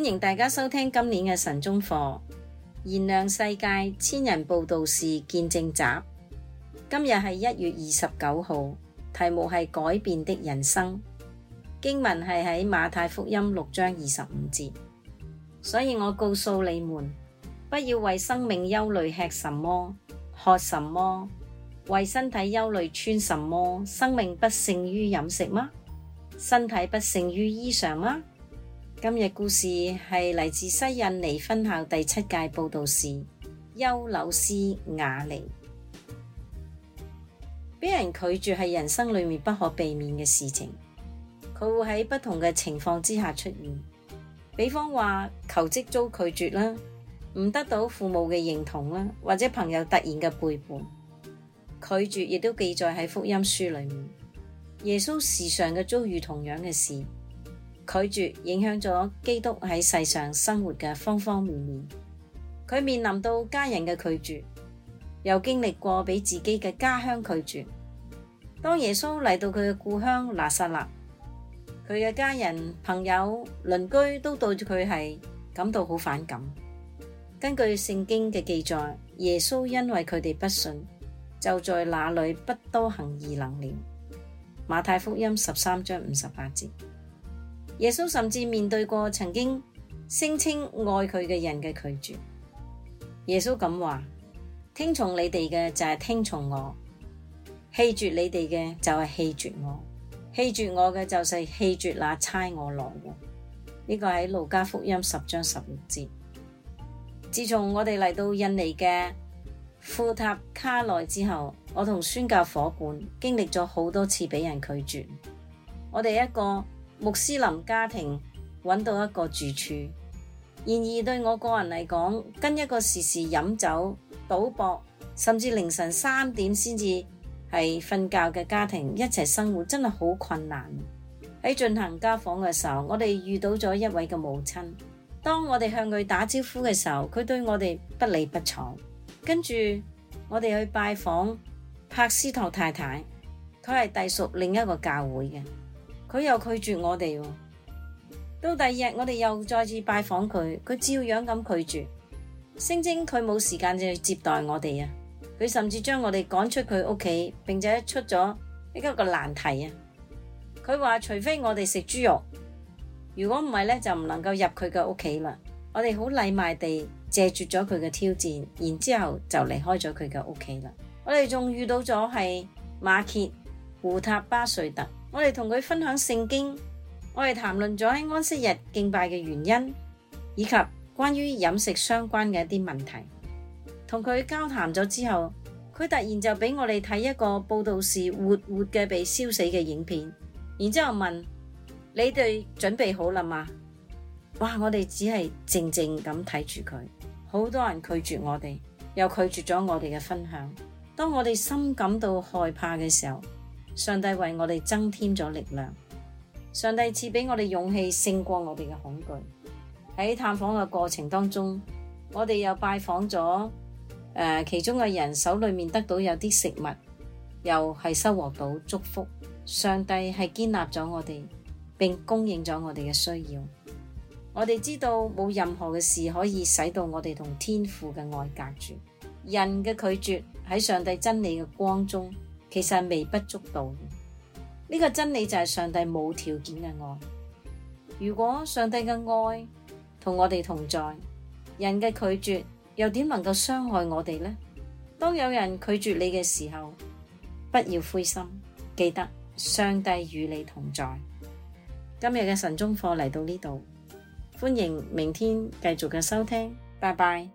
歡迎大家收聽今年嘅晨鐘課，燃亮世界千人佈道士見證集。今日係一月二十九號，題目係改變的人生。經文係喺馬太福音六章二十五節，所以我告訴你們，不要為生命憂慮吃什麼、喝什麼，為身體憂慮穿什麼。生命不勝於飲食嗎？身體不勝於衣裳嗎？今日故事係嚟自西印尼分校第七屆佈道士優柳斯雅尼。俾人拒絕係人生裏面不可避免嘅事情，佢會喺不同嘅情況之下出現。比方話求職遭拒絕啦，唔得到父母嘅認同啦，或者朋友突然嘅背叛。拒絕亦都記載喺福音書裏面，耶穌時常嘅遭遇同樣嘅事。拒絕影響咗基督喺世上生活嘅方方面面。佢面臨到家人嘅拒絕，又經歷過俾自己嘅家鄉拒絕。當耶穌嚟到佢嘅故鄉拿撒勒，佢嘅家人、朋友、鄰居都對佢係感到好反感。根據聖經嘅記載，耶穌因為佢哋不信，就在那裏不多行異能了。馬太福音十三章五十八節。耶穌甚至面對過曾經聲稱愛佢嘅人嘅拒絕。耶穌咁話：聽從你哋嘅就係聽從我，棄絕你哋嘅就係棄絕我，棄絕我嘅就係棄絕那差我來嘅。呢個喺路加福音十章十六節。自從我哋嚟到印尼嘅富塔卡內之後，我同宣教夥伴經歷咗好多次俾人拒絕。我哋一個。穆斯林家庭揾到一個住處，然而對我個人嚟講，跟一個時時飲酒、賭博，甚至凌晨三點先至係瞓覺嘅家庭一齊生活，真係好困難。喺進行家訪嘅時候，我哋遇到咗一位嘅母親。當我哋向佢打招呼嘅時候，佢對我哋不理不睬。跟住我哋去拜訪帕斯托太太，佢係隸屬另一個教會嘅。佢又拒絕我哋喎，到第二日我哋又再次拜訪佢，佢照樣咁拒絕。聲稱佢冇時間就接待我哋啊！佢甚至將我哋趕出佢屋企，並且出咗一個個難題啊！佢話除非我哋食豬肉，如果唔係咧就唔能夠入佢嘅屋企啦。我哋好禮貌地謝絕咗佢嘅挑戰，然之後就離開咗佢嘅屋企啦。我哋仲遇到咗係馬歇胡塔巴瑞特。我哋同佢分享聖經，我哋談論咗喺安息日敬拜嘅原因，以及關於飲食相關嘅一啲問題。同佢交談咗之後，佢突然就俾我哋睇一個佈道士活活嘅被燒死嘅影片，然之後問：你哋準備好啦嘛？哇！我哋只係靜靜咁睇住佢，好多人拒絕我哋，又拒絕咗我哋嘅分享。當我哋心感到害怕嘅時候。上帝為我哋增添咗力量，上帝賜俾我哋勇氣，勝過我哋嘅恐懼。喺探訪嘅過程當中，我哋又拜訪咗誒、呃，其中嘅人手裏面得到有啲食物，又係收穫到祝福。上帝係建立咗我哋，並供應咗我哋嘅需要。我哋知道冇任何嘅事可以使到我哋同天父嘅愛隔絕，人嘅拒絕，喺上帝真理嘅光中，其實係微不足道，呢個真理就係上帝無條件嘅愛。如果上帝嘅愛同我哋同在，人嘅拒絕又點能夠傷害我哋呢？當有人拒絕你嘅時候，不要灰心，記得上帝與你同在。今日嘅晨鐘課嚟到呢度，歡迎明天繼續嘅收聽，拜拜。